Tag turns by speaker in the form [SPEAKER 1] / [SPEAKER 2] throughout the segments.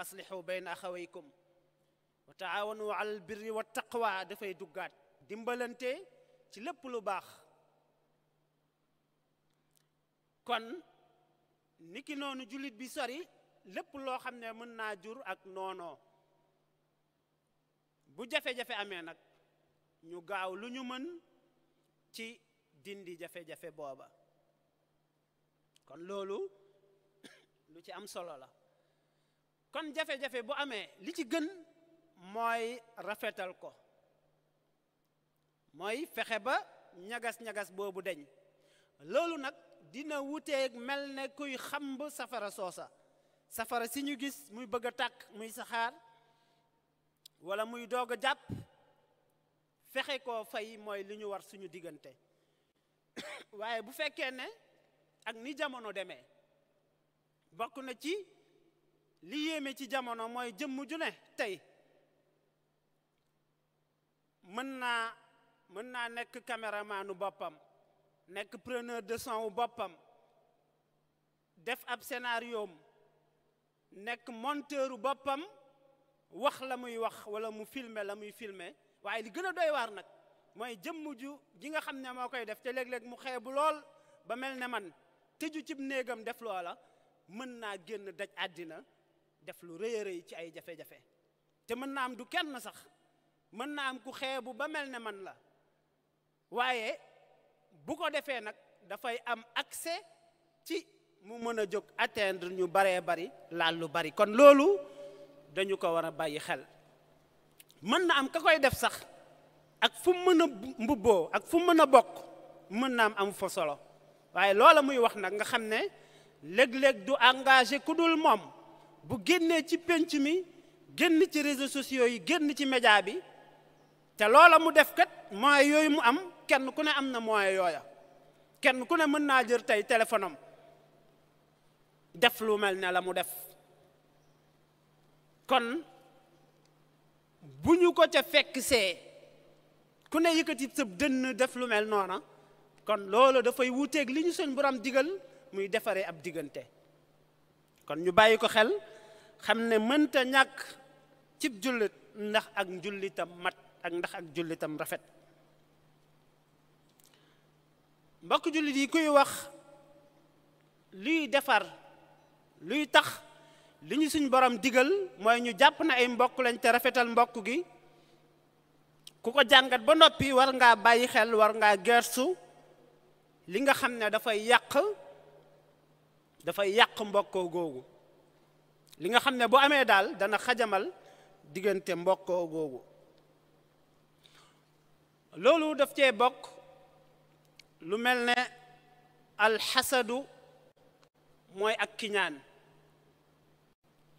[SPEAKER 1] wa aslihu bayna axawaykum wa taawanu alal birri wa taqwa dafay duggaat dimbalante ci lépp lu baax kon niki noonu jullit bi sori lépp loo xam ne mën naa jur ak noonoo bu jafe-jafe amee nag ñu gaaw lu ñu mën ci dindi jafe-jafe booba kon loolu lu ci am solo la kon jafe-jafe bu amee li ci gën mooy rafetal ko mooy fexe ba ñagas-ñagas boobu deñ loolu nag dina wuteeg mel ne kuy xamb safara soosa safara si ñu gis muy bëgg a tàkk muy saxaar wala muy doog a jàpp fexe koo fay mooy li ñu war suñu diggante waaye bu fekkee ne ak ni jamono demee bokk na ci li yéeme ci jamono mooy jëmm ju ne tey mën naa mën naa nekk caméramanu boppam nekk preneur de son wu boppam def ab scénario nekk monteuru boppam wax la muy wax wala mu filmer la muy filmer waaye li gën a doy waar nag mooy jëmm ju ji nga xam ne moo koy def te léeg-léeg mu xeebu lool ba mel ne man tëju cib néegam def loola mën naa génn daj àddina def lu rëy a rëy ci ay jafe-jafe te mën naa am du kenn sax mën naa am ku xeebu ba mel ne man la waaye bu ko defee nag dafay am accès ci mu mën a jóg atteindre ñu baree bari laal lu bari kon loolu dañu ko war a bàyyi xel mën na am ka koy def sax ak fu mën a mbubboo ak fu mën a bokk mën na am am fa solo waaye loola muy wax nag nga xam ne léeg-léeg du engagé ku dul moom bu génnee ci pénc mi génn ci réseaux sociaux yi génn ci média bi te loola mu def kat moyens yooyu mu am kenn ku ne am na moyens yooya kenn ku ne mën naa jër tey téléphone am def lu mel ne la mu def kon bu ñu ko ca fekk see ku ne yëkkati sëb dënn def lu mel noona kon loolu dafay wuuteeg li ñu seen borom digal muy defaree ab diggante kon ñu bàyyi ko xel xam ne mënta ñàkk cib jullit ndax ak jullitam mat ak ndax ak jullitam rafet mbokk jullit yi kuy wax luy defar luy tax li ñu suñ borom digal mooy ñu jàpp na ay mbokk lañ te rafetal mbokk gi ku ko jàngat ba noppi war ngaa bàyyi xel war ngaa gersu li nga xam ne dafay yàq dafay yàq mbokkoo googu li nga xam ne bu amee daal dana xajamal diggante mbokkoo googu loolu def cee bokk lu mel ne alxasadu mooy ak kiñaan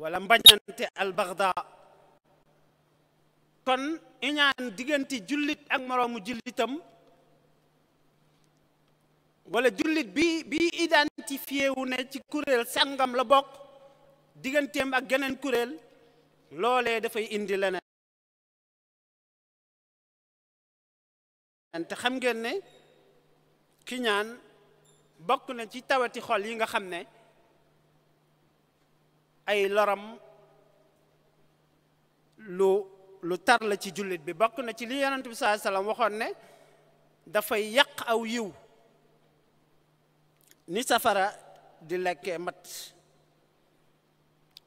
[SPEAKER 1] walla mbañante albagda kon iñaan diggante jullit ak moroomu jullitam walla jullit bi bi identifié wu ne ci kuréel sangam la bokk digganteem ak geneen kuréel loole dafay indi leneen te xam ngeen ne ki ñaan bokk na ci tawati xol yi nga xam ne ay loram lu lu tar la ci jullit bi bokk na ci li yonent bi sallallahu alayhi waxoon ne dafay yàq aw yiw ni safara di lekkee mat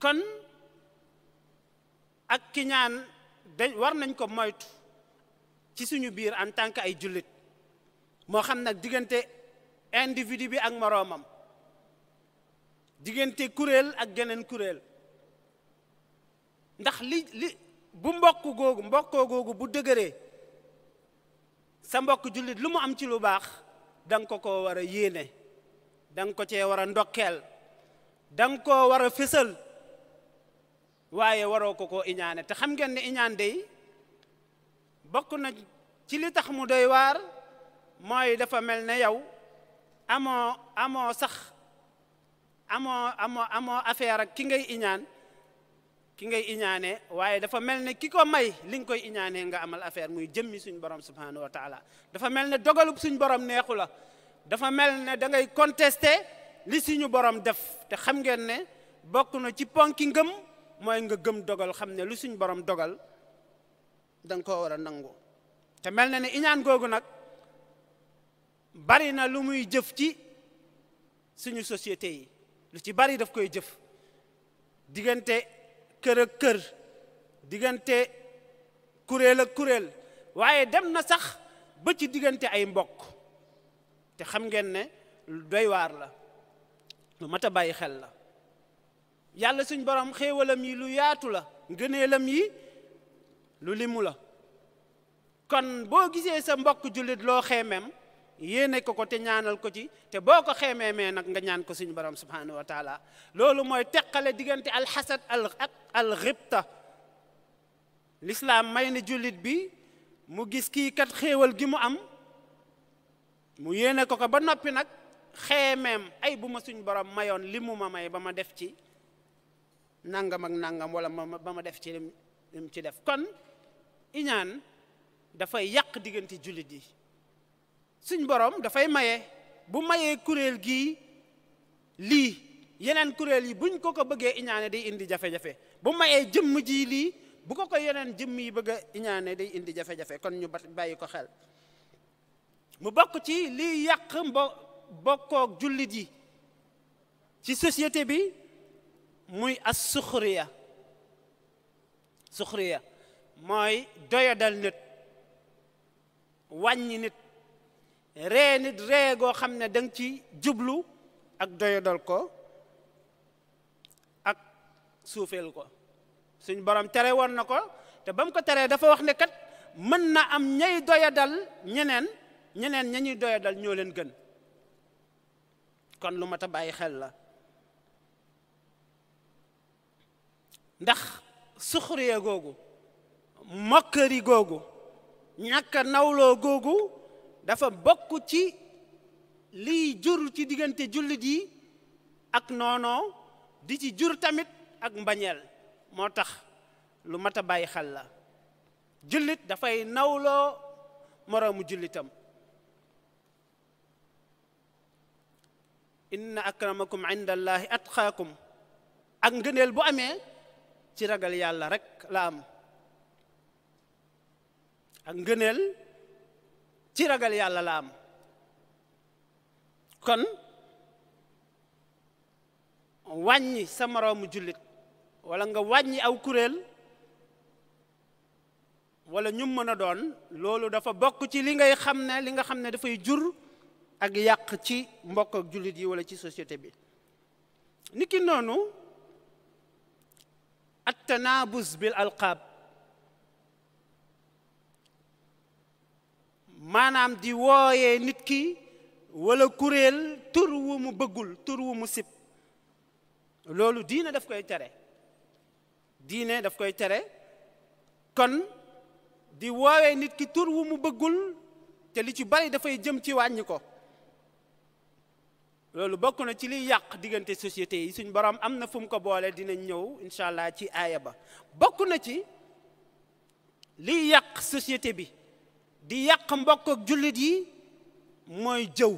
[SPEAKER 1] kon ak kiñaan dañ war nañ ko moytu ci suñu biir en tant que ay jullit moo xam nag diggante individu bi ak moroomam diggante kuréel ak geneen kuréel ndax li li bu mbokk googu mbokkoo googu bu dëgëree sa mbokk jullit lu mu am ci lu baax da ko ko war a yéene da ko cee war a ndokkeel da ko koo war a fésal waaye waroo ko ko iñaane te xam ngeen ne iñaan day bokk na ci li tax mu doy waar mooy dafa mel ne yow amoo amoo sax amoo amoo amoo affaire ak ki ngay iñaan ki ngay iñaane waaye dafa mel ne ki ko may li nga koy iñaane nga amal affaire muy jëmmi suñ borom subhanahu wa taala dafa mel ne dogalub suñ borom neexu la dafa mel ne dangay ngay contesté li suñu borom def te xam ngeen ne bokk na ci ponki ngëm mooy nga gëm dogal xam ne lu suñ borom dogal danga nga koo war a nangu te mel na ne iñaan googu nag bari na lu muy jëf ci suñu société yi lu ci bari daf koy jëf diggante kër ak kër diggante kuréel ak kuréel waaye dem na sax ba ci diggante ay mbokk te xam ngeen ne doy waar la lu mat a bàyyi xel la yàlla suñ borom xéewalam yi lu yaatu la ngëneelam yi lu limu la kon boo gisee sa mbokk jullit loo xeemeem yéene ko ko te ñaanal ko ci te boo ko xeemeemee nag nga ñaan ko suñu borom subhanahu wa loolu mooy teqale diggante alxasad al ak al xibta lislaam may na jullit bi mu gis kii kat xéewal gi mu am mu yéene ko ko ba noppi nag xeemeem ay bu ma suñ borom mayoon limu ma may ba ma def ci nangam ak nangam wala ma ba ma def ci lim ci def kon iñaan dafay yàq diggante jullit yi suñ borom dafay maye bu mayee kuréel gii lii yeneen kuréel yi buñ ko ko bëggee iñaane day indi jafe-jafe bu mayee jëmm jii lii bu ko ko yeneen jëmm yi bëgg a iñaane day indi jafe-jafe kon ñu bàyyi ko xel mu bokk ci liy yàq mbo bokkook jullit yi ci société bi muy as suxriya suxriya mooy doyadal nit wàññi nit ree nit ree goo xam ne da nga ci jublu ak doyadal ko ak suufeel ko suñ borom tere woon na ko te ba mu ko teree dafa wax ne kat mën na am ñay doyadal ñeneen ñeneen ña ñuy doyadal ñoo leen gën kon lu mat a bàyyi xel la ndax suxriya googu mokkari googu ñàkka nawloo googu dafa bokk ci lii jur ci diggante jullit yi ak noonoo di ci jur tamit ak mbañeel moo tax lu mat a bàyyi xel la jullit dafay nawloo moroomu jullitam inna akramakum inda allahi atqaakum ak ngëneel bu amee ci ragal yàlla rek la am ak ngëneel ci ragal yàlla la am kon wàññi sa moroomu jullit walla nga wàññi aw kuréel wala ñu mën a doon loolu dafa bokk ci li ngay xam ne li nga xam ne dafay jur ak yàq ci mbokk ak jullit yi wala ci société bi niki noonu attanabus bil alqaab maanaam di wooyee nit ki wala kuréel tur wu mu bëggul tur wu mu sib loolu diine daf koy tere diine daf koy tere kon di woowee nit ki tur wu mu bëggul te li ci bari dafay jëm ci wàññi ko loolu bokk na ci liy yàq diggante société yi suñ borom am na fu mu ko boole dinañ ñëw incha allah ci aaya ba bokk na ci liy yàq société bi di yàq mbokk ak jullit yi mooy jëw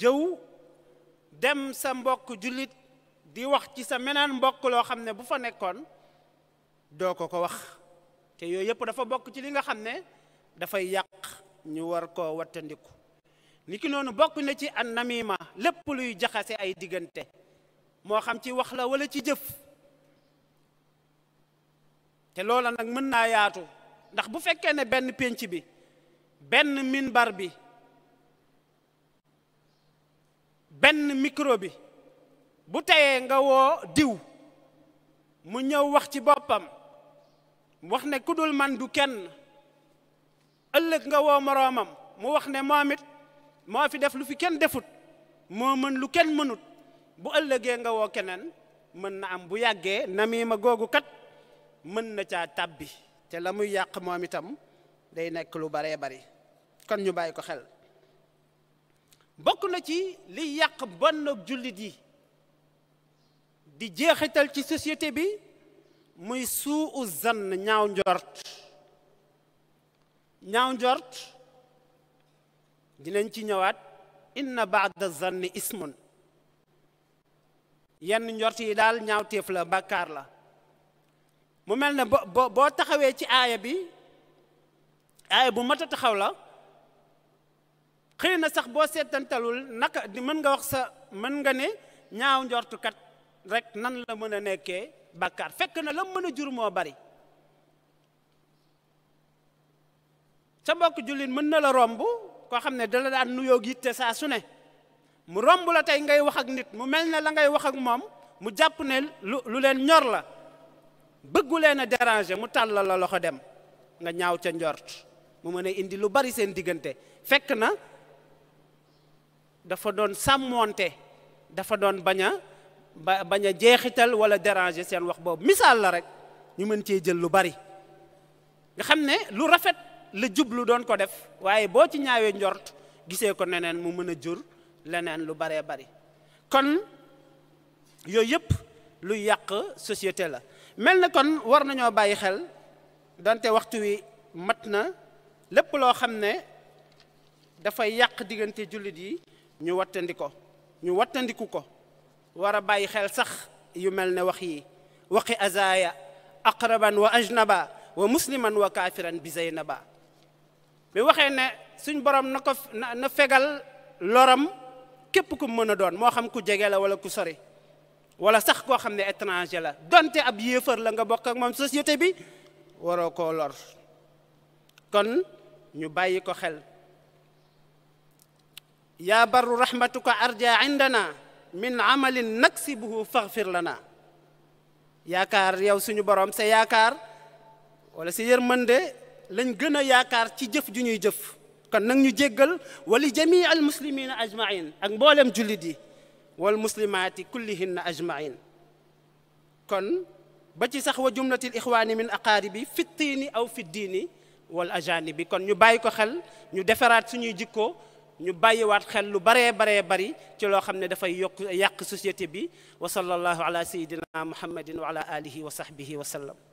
[SPEAKER 1] jëw dem sa mbokk jullit di wax ci sa meneen mbokk loo xam ne bu fa nekkoon doo ko ko wax te yooyu yëpp dafa bokk ci li nga xam ne dafay yàq ñu war koo wattandiku niki noonu bokk na ci an namima lépp luy jaxase ay diggante moo xam ci wax la wala ci jëf te loola nag mën naa yaatu ndax bu fekkee ne benn pénc bi benn minbar bi benn micro bi bu teyee nga woo diw mu ñëw wax ci boppam wax ne ku dul man du kenn ëllëg nga woo moroomam mu wax ne moom moo fi def lu fi kenn defut moo mën lu kenn mënut bu ëllëgee nga woo keneen mën na am bu yàggee namiima googu kat mën na caa tàbbi te la muy yàq moom itam day nekk lu baree bari kon ñu bàyyi ko xel bokk na ci li yàq bonnoog jullit yi di jeexatal ci société bi muy suu u zann ñaaw njort ñaaw njort dinañ ci ñëwaat inna baada zanni ismun yenn njort yi daal ñaaw ñaawteef la bàkkaar la mu mel ne bo boo taxawee ci aaya bi aaya bu mat taxaw la xëy na sax boo seetantalul naka mën nga wax sa mën nga ne ñaaw njortukat rek nan la mën a nekkee bàkkaar fekk na la mën a jur moo bari sa mbokk jullit mën na la romb koo xam ne dala daan nuyoo gi te saa su ne mu romb la tey ngay wax ak nit mu mel ne la ngay wax ak moom mu jàpp ne lu lu leen ñor la bëggu a déranger mu tàllal la loxo dem nga ñaaw ca njort mu mën a indi lu bari seen diggante fekk na dafa doon sàmmoonte dafa doon bañ a ba bañ a jeexital wala déranger seen wax boobu misaal la rek ñu mën cee jël lu bari nga xam ne lu rafet. la jublu doon ko def waaye boo ci ñaawee njort gisee ko neneen mu mën a jur leneen lu baree bari kon yooyu yëpp luy yàq société la mel na kon war nañoo bàyyi xel dante waxtu wi mat na lépp loo xam ne dafay yàq diggante jullit yi ñu wattandi ñu wattandiku ko war a bàyyi xel sax yu mel ne wax yi waxi azaya aqraban wa ajnaba wa musliman wa kaafiran bi na zaynaba bi waxee ne suñ borom na ko na fegal loram képp ku mën a doon moo xam ku jege la wala ku sori wala sax koo xam ne étranger la donte ab yéefar la nga bokk ak moom société bi waroo ko lor kon ñu bàyyi ko xel yaa barru rahmatuka arja indana min amalin naksibuhu faghfir lana yaakaar yow suñu borom sa yaakaar wala sa yërmande lañ gën a yaakaar ci jëf ju ñuy jëf kon nag ñu jéggal wali jamii al muslimina ajmain ak mboolem jullit yi wal muslimaati kullihinna ajmain kon ba ci sax wa jumlatil ixwaani min aqaaribi fi tiini aw fi diini wal ajaanibi kon ñu bàyyi ko xel ñu defaraat suñuy jikko ñu bàyyiwaat xel lu baree baree bari ci loo xam ne dafay yokk yàq société bi wa sallallahu ala sayyidina muhammadin wa ala alihi wa sahbihi wa sallam